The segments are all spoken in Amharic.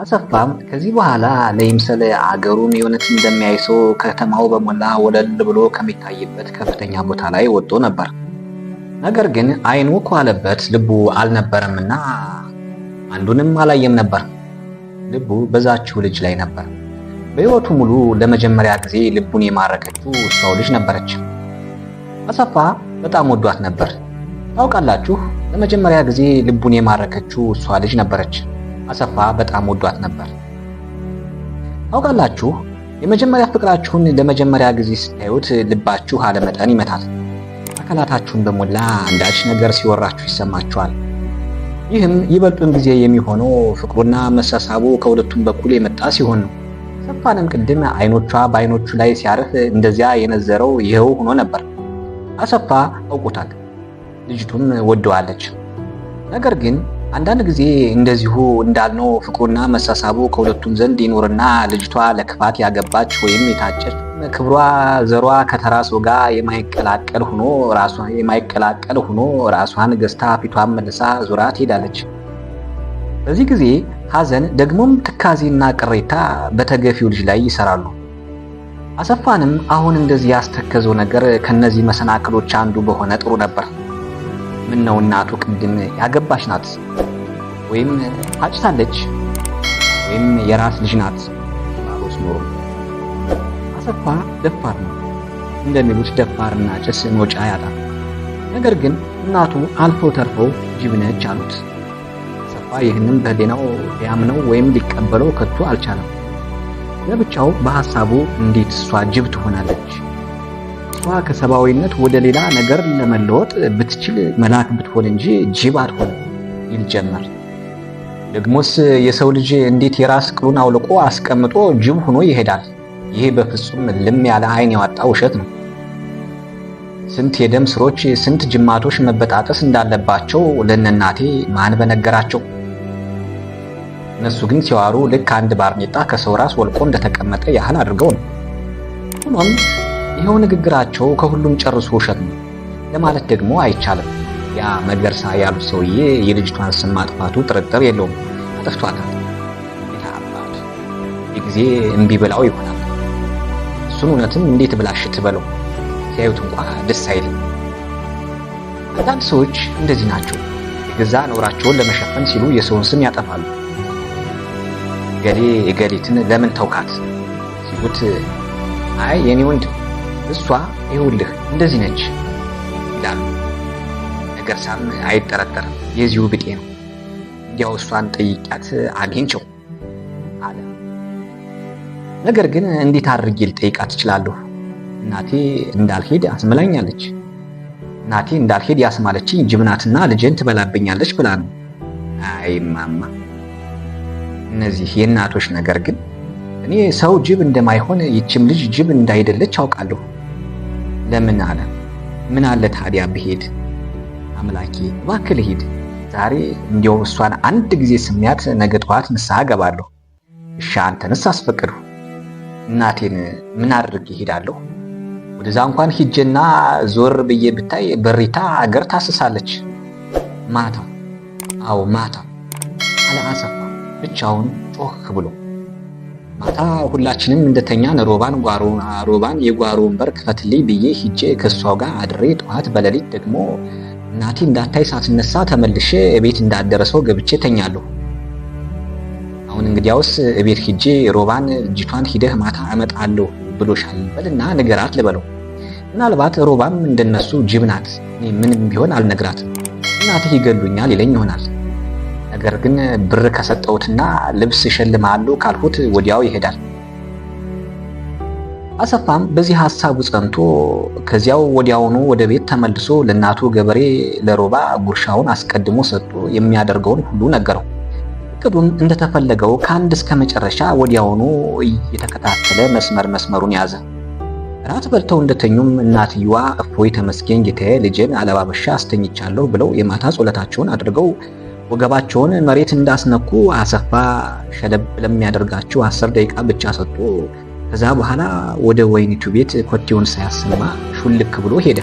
አሰፋም ከዚህ በኋላ ለይምሰል አገሩን የእውነት እንደሚያይ ሰው ከተማው በሞላ ወለል ብሎ ከሚታይበት ከፍተኛ ቦታ ላይ ወጥቶ ነበር። ነገር ግን አይኑ ከዋለበት ልቡ አልነበረምና አንዱንም አላየም ነበር። ልቡ በዛችው ልጅ ላይ ነበር። በሕይወቱ ሙሉ ለመጀመሪያ ጊዜ ልቡን የማረከችው እሷው ልጅ ነበረች። አሰፋ በጣም ወዷት ነበር። ታውቃላችሁ፣ ለመጀመሪያ ጊዜ ልቡን የማረከችው እሷ ልጅ ነበረች። አሰፋ በጣም ወዷት ነበር። ታውቃላችሁ፣ የመጀመሪያ ፍቅራችሁን ለመጀመሪያ ጊዜ ስታዩት ልባችሁ አለመጠን ይመታል። አካላታችሁን በሞላ አንዳች ነገር ሲወራችሁ ይሰማችኋል። ይህም ይበልጡን ጊዜ የሚሆነው ፍቅሩና መሳሳቡ ከሁለቱም በኩል የመጣ ሲሆን ነው። ሰፋንም ቅድም አይኖቿ በአይኖቹ ላይ ሲያርፍ እንደዚያ የነዘረው ይኸው ሆኖ ነበር። አሰፋ አውቁታል ልጅቱም ወደዋለች። ነገር ግን አንዳንድ ጊዜ እንደዚሁ እንዳልነው ፍቅሩና መሳሳቡ ከሁለቱም ዘንድ ይኖርና ልጅቷ ለክፋት ያገባች ወይም የታጨች ክብሯ ዘሯ ከተራሶ ጋር የማይቀላቀል ሆኖ የማይቀላቀል ሆኖ ራሷን ገዝታ ፊቷን መልሳ ዙራ ትሄዳለች። በዚህ ጊዜ ሐዘን ደግሞም ትካዜና ቅሬታ በተገፊው ልጅ ላይ ይሰራሉ። አሰፋንም አሁን እንደዚህ ያስተከዘው ነገር ከነዚህ መሰናክሎች አንዱ በሆነ ጥሩ ነበር። ምን ነው እናቱ ቅድም ያገባች ናት ወይም አጭታለች ወይም የራስ ልጅ ናት ማሮስ ኖሮ አሰፋ ደፋር ነው እንደሚሉት ደፋርና ጭስ መውጫ ያጣል። ነገር ግን እናቱ አልፎ ተርፎ ጅብነች አሉት። አሰፋ ይህንም በህሊናው ሊያምነው ወይም ሊቀበለው ከቶ አልቻለም። ለብቻው በሐሳቡ እንዴት እሷ ጅብ ትሆናለች ከሰብአዊነት ወደ ሌላ ነገር ለመለወጥ ብትችል መልአክ ብትሆን እንጂ ጅብ አትሆንም ይል ጀመር። ደግሞስ የሰው ልጅ እንዴት የራስ ቅሉን አውልቆ አስቀምጦ ጅብ ሆኖ ይሄዳል? ይሄ በፍጹም ልም ያለ አይን ያወጣ ውሸት ነው። ስንት የደም ስሮች፣ ስንት ጅማቶች መበጣጠስ እንዳለባቸው ለእነናቴ ማን በነገራቸው? እነሱ ግን ሲዋሩ ልክ አንድ ባርኔጣ ከሰው ራስ ወልቆ እንደተቀመጠ ያህል አድርገው ነው። ሆኖም ይኸው ንግግራቸው ከሁሉም ጨርሶ ውሸት ነው ለማለት ደግሞ አይቻልም። ያ መገርሳ ያሉት ሰውዬ የልጅቷን ስም ማጥፋቱ ጥርጥር የለውም፣ አጥፍቷታል። ጌታ አባቱ ጊዜ እምቢ ብላው ይሆናል። እሱን እውነትም እንዴት ብላሽ ትበለው? ሲያዩት እንኳ ደስ አይልም። አንዳንድ ሰዎች እንደዚህ ናቸው። የገዛ ነውራቸውን ለመሸፈን ሲሉ የሰውን ስም ያጠፋሉ። ገሌ ገሌትን ለምን ተውካት ሲሉት አይ የኔ ወንድ እሷ ይኸውልህ እንደዚህ ነች ይላሉ። ነገር ሳም አይጠረጠርም የዚሁ ብጤ ነው። እንዲያው እሷን ጠይቂያት አግኝቸው አለ። ነገር ግን እንዴት አድርጌ ልጠይቃት እችላለሁ? እናቴ እንዳልሄድ አስመላኛለች። እናቴ እንዳልሄድ ያስማለችኝ ጅብናትና ልጄን ትበላብኛለች ብላ ነው። አይ ማማ፣ እነዚህ የእናቶች ነገር ግን እኔ ሰው ጅብ እንደማይሆን ይችም ልጅ ጅብ እንዳይደለች አውቃለሁ። ለምን አለ። ምን አለ ታዲያ ብሄድ አምላኬ እባክህ ልሂድ። ዛሬ እንዲያው እሷን አንድ ጊዜ ስሚያት ነገ ጠዋት ንስሐ ገባለሁ። እሺ አንተንስ አስፈቅዱ። እናቴን ምን አድርግ ይሄዳለሁ። ወደዛ እንኳን ሂጄና ዞር ብዬ ብታይ በሪታ አገር ታስሳለች። ማታ አዎ ማታ አሰፋ ብቻውን ጮህ ብሎ ማታ ሁላችንም እንደተኛን ሮባን ሮባን የጓሮን በር ክፈትልኝ ብዬ ሂጄ ከእሷው ጋር አድሬ ጠዋት በሌሊት ደግሞ እናቴ እንዳታይ ሳትነሳ ተመልሼ እቤት እንዳደረሰው ገብቼ ተኛለሁ። አሁን እንግዲያውስ እቤት ሂጄ ሮባን ልጅቷን ሂደህ ማታ እመጣለሁ ብሎሻል በልና ንገራት ልበለው። ምናልባት ሮባም እንደነሱ ጅብ ናት፣ ምንም ቢሆን አልነግራትም፣ እናትህ ይገሉኛል ይለኝ ይሆናል። ነገር ግን ብር ከሰጠሁትና ልብስ እሸልምሃለሁ ካልሁት ወዲያው ይሄዳል። አሰፋም በዚህ ሐሳቡ ጸንቶ ከዚያው ወዲያውኑ ወደ ቤት ተመልሶ ለእናቱ ገበሬ ለሮባ ጉርሻውን አስቀድሞ ሰጥቶ የሚያደርገውን ሁሉ ነገረው። እቅዱም እንደተፈለገው ከአንድ እስከ መጨረሻ ወዲያውኑ እየተከታተለ መስመር መስመሩን ያዘ። ራት በልተው እንደተኙም እናትየዋ እፎይ ተመስገን ጌታዬ ልጅን አለባበሻ አስተኝቻለሁ ብለው የማታ ጸሎታቸውን አድርገው ወገባቸውን መሬት እንዳስነኩ አሰፋ ሸለብ ለሚያደርጋቸው አስር ደቂቃ ብቻ ሰጡ። ከዛ በኋላ ወደ ወይኒቱ ቤት ኮቴውን ሳያሰማ ሹልክ ብሎ ሄደ።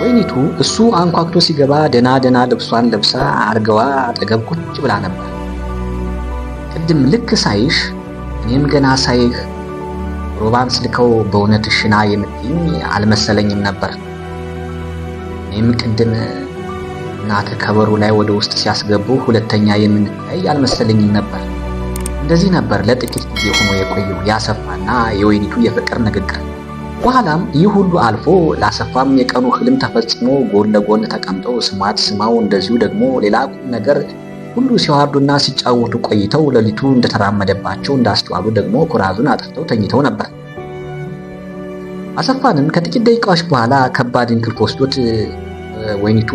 ወይኒቱ እሱ አንኳክቶ ሲገባ ደና ደና ልብሷን ለብሳ አርገዋ አጠገብ ቁጭ ብላ ነበር። ቅድም ልክ ሳይሽ እኔም ገና ሳይህ ሮባን ስልከው በእውነት ሽና የምትይኝ አልመሰለኝም ነበር። እኔም ቅድም እናት ከበሩ ላይ ወደ ውስጥ ሲያስገቡ ሁለተኛ የምንለያይ አልመሰለኝም ነበር። እንደዚህ ነበር ለጥቂት ጊዜ ሆኖ የቆየው የአሰፋና የወይኒቱ የፍቅር ንግግር። በኋላም ይህ ሁሉ አልፎ ለአሰፋም የቀኑ ህልም ተፈጽሞ ጎን ለጎን ተቀምጠው ስማት ስማው እንደዚሁ ደግሞ ሌላ ቁም ነገር ሁሉ ሲዋርዱና ሲጫወቱ ቆይተው ሌሊቱ እንደተራመደባቸው እንዳስተዋሉ ደግሞ ኩራዙን አጥፍተው ተኝተው ነበር። አሰፋንም ከጥቂት ደቂቃዎች በኋላ ከባድ እንቅልፍ ወስዶት ወይኒቱ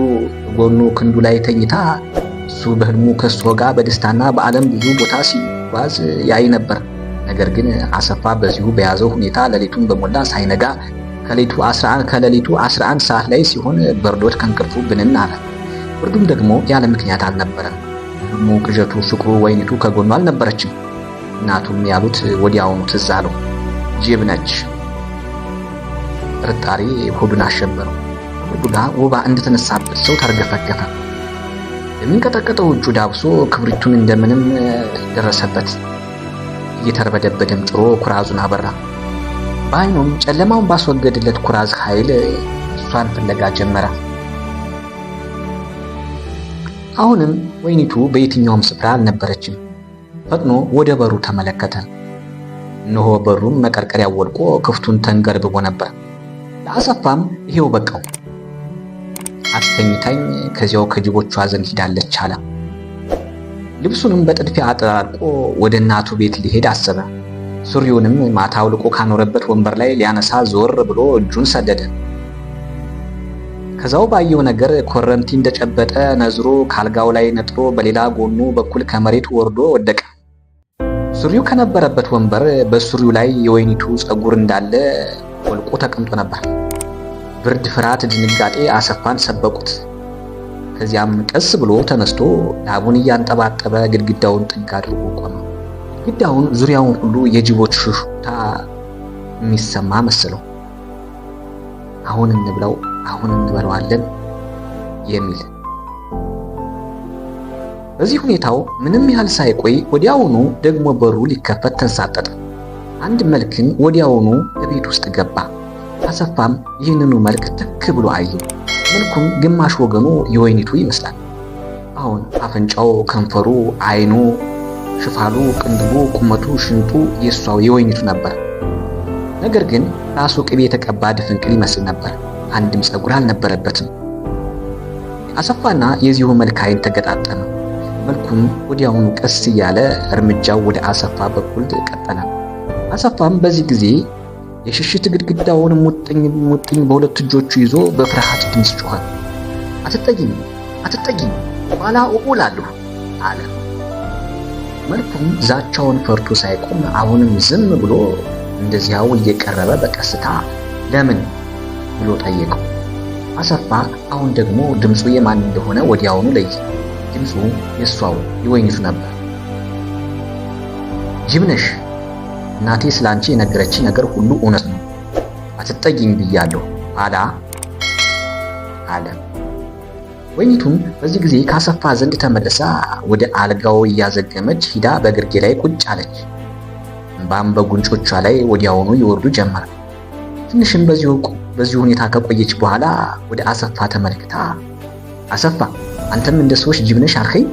ጎኑ ክንዱ ላይ ተኝታ እሱ በህልሙ ከሷ ጋር በደስታና በዓለም ብዙ ቦታ ሲጓዝ ያይ ነበር። ነገር ግን አሰፋ በዚሁ በያዘው ሁኔታ ሌሊቱን በሞላ ሳይነጋ ከሌሊቱ 11 ሰዓት ላይ ሲሆን በርዶት ከእንቅልፉ ብንን አለ። ብርዱም ደግሞ ያለ ምክንያት አልነበረም። ህልሙ፣ ቅዠቱ፣ ፍቅሩ ወይኒቱ ከጎኑ አልነበረችም። እናቱም ያሉት ወዲያውኑ ትዝ አለው። ጅብ ነች። ጥርጣሬ ሆዱን አሸበረው። ዱዳ ወባ እንደተነሳበት ሰው ተርገፈገፈ። የሚንቀጠቀጠው እጁ ዳብሶ ክብሪቱን እንደምንም ደረሰበት። እየተርበደበደም ጭሮ ኩራዙን አበራ። በአይኑም ጨለማውን ባስወገድለት ኩራዝ ኃይል እሷን ፍለጋ ጀመረ። አሁንም ወይኒቱ በየትኛውም ስፍራ አልነበረችም። ፈጥኖ ወደ በሩ ተመለከተ። እነሆ በሩም መቀርቀሪያ ወድቆ ክፍቱን ተንገርብቦ ነበር። ለአሰፋም ይሄው በቃው። አስተኝታኝ ከዚያው ከጅቦቹ አዘን ሂዳለች አለ። ልብሱንም በጥድፊያ አጠራርቆ ወደ እናቱ ቤት ሊሄድ አሰበ። ሱሪውንም ማታ አውልቆ ካኖረበት ወንበር ላይ ሊያነሳ ዞር ብሎ እጁን ሰደደ። ከዛው ባየው ነገር ኮረንቲ እንደጨበጠ ነዝሮ ካልጋው ላይ ነጥሮ በሌላ ጎኑ በኩል ከመሬት ወርዶ ወደቀ። ሱሪው ከነበረበት ወንበር በሱሪው ላይ የወይኒቱ ፀጉር እንዳለ ወልቆ ተቀምጦ ነበር። ብርድ፣ ፍርሃት፣ ድንጋጤ አሰፋን ሰበቁት። ከዚያም ቀስ ብሎ ተነስቶ ላቡን እያንጠባጠበ ግድግዳውን ጥግ አድርጎ ቆመ። ግድግዳውን ዙሪያውን ሁሉ የጅቦች ሹሹታ የሚሰማ መሰለው። አሁን እንብለው፣ አሁን እንበለዋለን የሚል በዚህ ሁኔታው ምንም ያህል ሳይቆይ ወዲያውኑ ደግሞ በሩ ሊከፈት ተንሳጠጠ። አንድ መልክን ወዲያውኑ በቤት ውስጥ ገባ። አሰፋም ይህንኑ መልክ ትክ ብሎ አየ። መልኩም ግማሽ ወገኑ የወይኒቱ ይመስላል። አሁን አፍንጫው፣ ከንፈሩ፣ አይኑ፣ ሽፋሉ፣ ቅንድቡ፣ ቁመቱ፣ ሽንጡ የእሷው የወይኒቱ ነበር። ነገር ግን ራሱ ቅቤ የተቀባ ድፍንቅል ይመስል ነበር። አንድም ፀጉር አልነበረበትም። አሰፋና የዚሁ መልክ አይን ተገጣጠመ። መልኩም ወዲያውኑ ቀስ እያለ እርምጃው ወደ አሰፋ በኩል ቀጠለ። አሰፋም በዚህ ጊዜ የሽሽት ግድግዳውንም ሙጥኝ ሙጥኝ በሁለት እጆቹ ይዞ በፍርሃት ድምፅ ጮኸ። አትጠጊኝ፣ አትጠጊኝ ኋላ እቁላለሁ አለ። መልኩም ዛቻውን ፈርቶ ሳይቆም አሁንም ዝም ብሎ እንደዚያው እየቀረበ በቀስታ ለምን ብሎ ጠየቀው። አሰፋ አሁን ደግሞ ድምፁ የማን እንደሆነ ወዲያውኑ ለየ። ድምፁ የእሷው የወይኒቱ ነበር። ጅብነሽ እናቴ ስላንቺ የነገረችኝ ነገር ሁሉ እውነት ነው። አትጠጊኝ ብያለሁ አዳ አለ። ወይኒቱም በዚህ ጊዜ ካሰፋ ዘንድ ተመልሳ ወደ አልጋው እያዘገመች ሂዳ በግርጌ ላይ ቁጭ አለች። እምባም በጉንጮቿ ላይ ወዲያውኑ ይወርዱ ጀመረ። ትንሽም በዚህ ሁኔታ ከቆየች በኋላ ወደ አሰፋ ተመልክታ አሰፋ አንተም እንደ ሰዎች ጅብነሽ አልከኝ?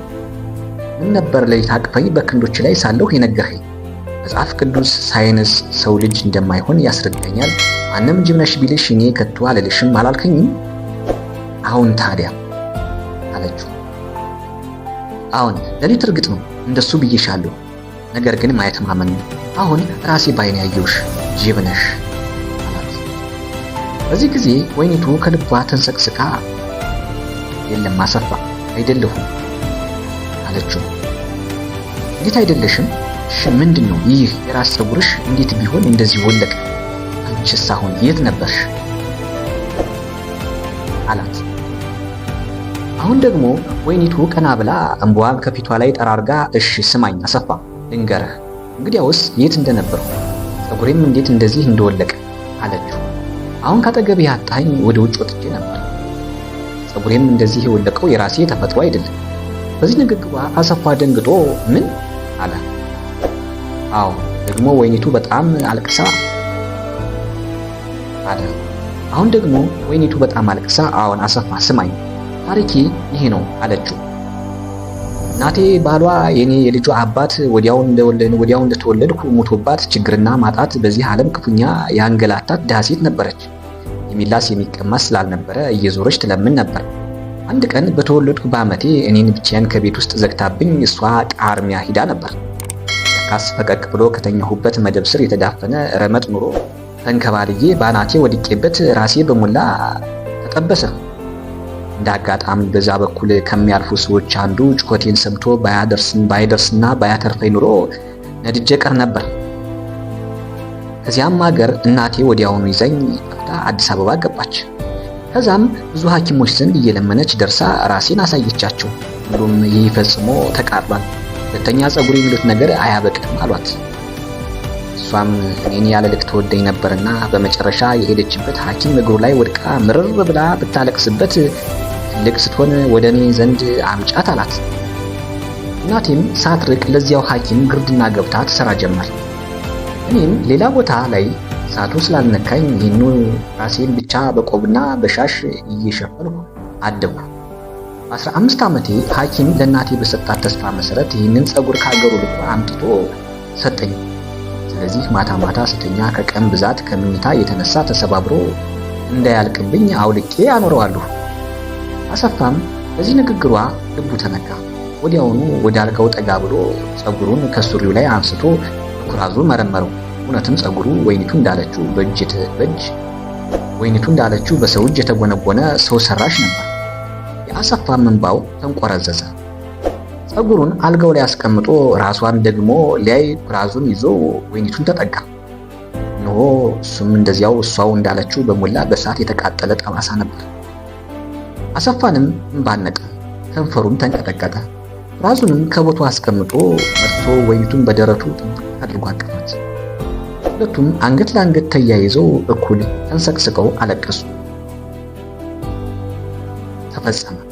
ምን ነበር ለሊት አቅፈኝ በክንዶች ላይ ሳለሁ የነገርኸኝ? መጽሐፍ ቅዱስ ሳይንስ ሰው ልጅ እንደማይሆን ያስረዳኛል። አንም ጅብ ቢልሽ እኔ ከቶ አልልሽም አላልከኝም? አሁን ታዲያ አለችው። አሁን ለሊት እርግጥ ነው እንደሱ ብዬሻለሁ፣ ነገር ግን ማየት ማመን ነው። አሁን ራሴ ባይን ያየውሽ ጅብ አላት። በዚህ ጊዜ ወይኒቱ ከልቧ ተንሰቅስቃ የለም አሰፋ አይደለሁም አለችው። እንዴት አይደለሽም ምንድን ነው ይህ የራስ ፀጉርሽ? እንዴት ቢሆን እንደዚህ ወለቀ? አንቺስ አሁን የት ነበርሽ? አላት። አሁን ደግሞ ወይኒቱ ቀና ብላ እንባዋን ከፊቷ ላይ ጠራርጋ፣ እሺ ስማኝ አሰፋ ልንገርህ፣ እንግዲያውስ የት እንደነበርኩ ፀጉሬም እንዴት እንደዚህ እንደወለቀ አለችው። አሁን ካጠገብህ ያጣኝ ወደ ውጭ ወጥቼ ነበር። ፀጉሬም እንደዚህ የወለቀው የራሴ ተፈጥሮ አይደለም። በዚህ ንግግሯ አሰፋ ደንግጦ ምን አለ አዎ ደግሞ ወይኒቱ በጣም አልቅሳ አለ። አሁን ደግሞ ወይኒቱ በጣም አልቅሳ አዎን አሰፋ ስማኝ፣ ታሪኬ ይሄ ነው አለችው። እናቴ ባሏ የኔ የልጇ አባት ወዲያው እንደተወለድኩ ሞቶባት ችግርና ማጣት በዚህ ዓለም ክፉኛ ያንገላታት ድሃ ሴት ነበረች። የሚላስ የሚቀማስ ስላልነበረ እየዞረች ትለምን ነበር። አንድ ቀን በተወለድኩ በዓመቴ እኔን ብቻዬን ከቤት ውስጥ ዘግታብኝ እሷ ቃርሚያ ሂዳ ነበር። ካስ ፈቀቅ ብሎ ከተኛሁበት መደብ ስር የተዳፈነ ረመጥ ኑሮ ተንከባልዬ ባናቴ ወድቄበት ራሴ በሞላ ተጠበሰ። እንደ አጋጣሚ በዛ በኩል ከሚያልፉ ሰዎች አንዱ ጩኸቴን ሰምቶ ባያደርስን ባይደርስና ባያተርፈኝ ኑሮ ነድጄ ቀር ነበር። ከዚያም ሀገር እናቴ ወዲያውኑ ይዘኝ ጠፍታ አዲስ አበባ ገባች። ከዛም ብዙ ሐኪሞች ዘንድ እየለመነች ደርሳ ራሴን አሳየቻቸው። ሁሉም ይህ ፈጽሞ ተቃርሏል። ሁለተኛ ጸጉር የሚሉት ነገር አያበቅም አሏት። እሷም እኔን ያለ ልክ ተወደኝ ነበርና በመጨረሻ የሄደችበት ሐኪም እግሩ ላይ ወድቃ ምርር ብላ ብታለቅስበት ትልቅ ስትሆን ወደ እኔ ዘንድ አምጫት አላት። እናቴም ሳትርቅ ለዚያው ሐኪም ግርድና ገብታ ትሰራ ጀመር። እኔም ሌላ ቦታ ላይ እሳቱ ስላልነካኝ ይህኑ ራሴን ብቻ በቆብና በሻሽ እየሸፈንኩ አደጉ። አስራ 15 ዓመቴ ሐኪም ለእናቴ በሰጣት ተስፋ መሰረት ይህንን ጸጉር ከሀገሩ ልኮ አምጥቶ ሰጠኝ። ስለዚህ ማታ ማታ ስተኛ ከቀን ብዛት ከምኝታ የተነሳ ተሰባብሮ እንዳያልቅብኝ አውልቄ አኖረዋለሁ። አሰፋም በዚህ ንግግሯ ልቡ ተነካ። ወዲያውኑ ወደ አልጋው ጠጋ ብሎ ጸጉሩን ከሱሪው ላይ አንስቶ ኩራዙ መረመረው። እውነትም ጸጉሩ ወይኒቱ እንዳለችው በእጅ ወይኒቱ እንዳለችው በሰው እጅ የተጎነጎነ ሰው ሰራሽ ነበር። አሰፋም እንባው ተንቆረዘዘ። ፀጉሩን አልጋው ላይ አስቀምጦ ራሷን ደግሞ ሊያይ ኩራዙን ይዞ ወይኒቱን ተጠጋ። እነሆ እሱም እንደዚያው እሷው እንዳለችው በሞላ በእሳት የተቃጠለ ጠባሳ ነበር። አሰፋንም እንባነቀ ከንፈሩም ተንቀጠቀጠ። ብራዙንም ከቦቱ አስቀምጦ መጥቶ ወይኒቱን በደረቱ ጥብቅ አድርጎ አቀፋት። ሁለቱም አንገት ለአንገት ተያይዘው እኩል ተንሰቅስቀው አለቀሱ። ተፈጸመ።